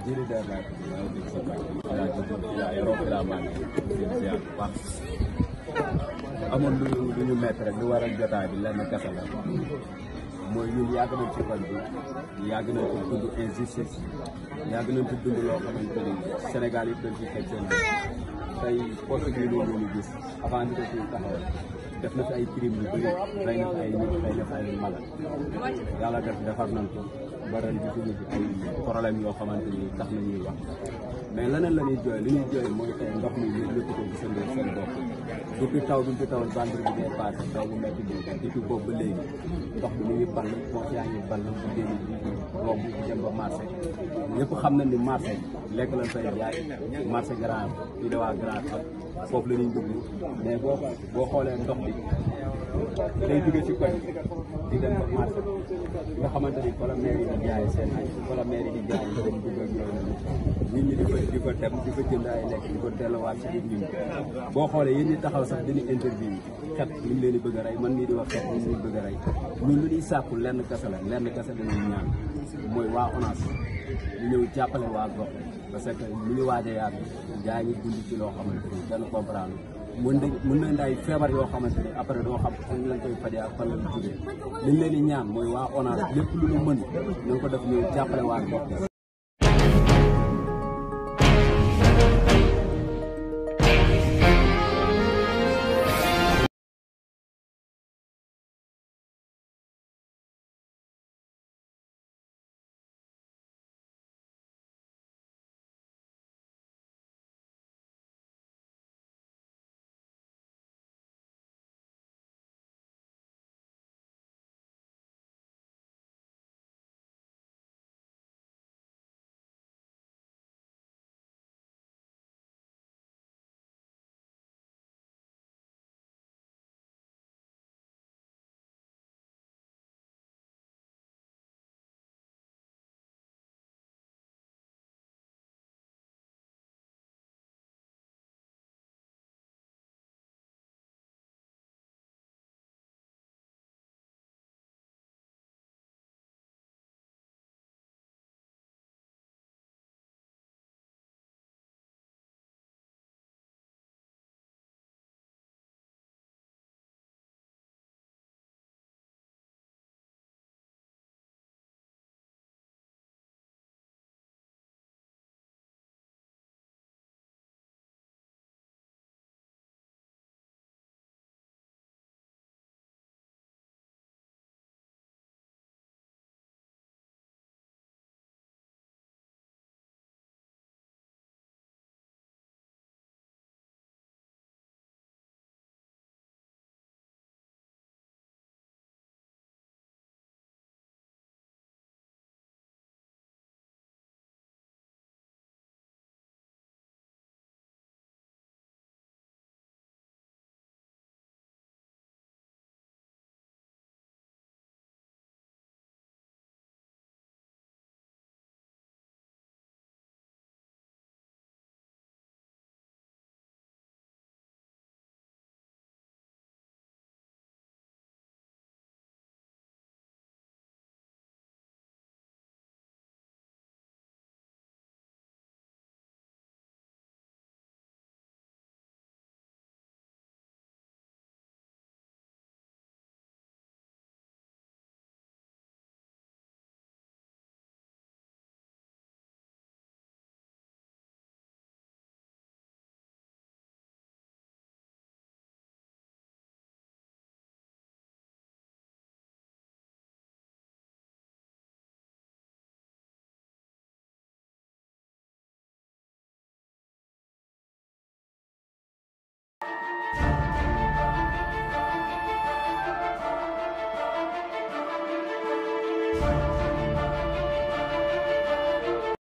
Najeriya da za ta zama da sabaki da jikin da Europe da ma ne da ba amoon lu lu ñu mettre rek lu waral jotaay bi lenn kese la mooy ñun yàgg nañ ci fan bi yàgg nañ ko dund injustice yàgg nañ ko dund loo xamante ni Sénégal yi dañ ci teg seen tey poste bi loolu ñu gis avant ñu ko ciy taxawal def na fi ay crime yu bëri rey na fi ay nit rey na fi ay mala yàlla def defar nañ ko baral di dugg ci yoo xamante ni tax na ñuy wax mais leneen la ñuy jooy li ñuy jooy mooy tey ndox mi ñu lépp ko gisandoo seen bopp depuis taw bi ñu fi taw vendredi bi passé taw bu métti bi depuis boobu ndox bi mu ngi ball boo yaa ngi ball bu déegi bi romb jëm ba marché ñëpp xam nañ ni marché lekk lañ fay jaay marché grand yi dawaa grand foofu la ñuy dugg mais boo boo xoolee ndox bi day jóge ci koñ di dem ba marché nga xamante ni wala di jaay seen ay wala maire yi di jaay nga dem dugg ak yooyu nit ñi di ko di ko dem di ko jënd ay lekk di ko delluwaat ci nit ñi boo xoolee yéen ñi taxaw sax dina interview xet li mu leen di bëgg a rey man mii di wax xet li mu bëgg a rey ñun lu ñuy sàkku lenn kese la lenn kese la ñuy ñaan mooy waa ONAS ñu ñëw jàppale waa gox parce que li ñu waaj a yaatu gaa ngi dund loo xamante ni kenn comprendre mën nañ mën nañ daay feebar yoo xamante ni après doo xam fan lañ koy fajee ak fan lañ tuddee liñ leen di ñaan mooy waa ONAS lépp lu ñu mën nañ ko def ñu jàppale waa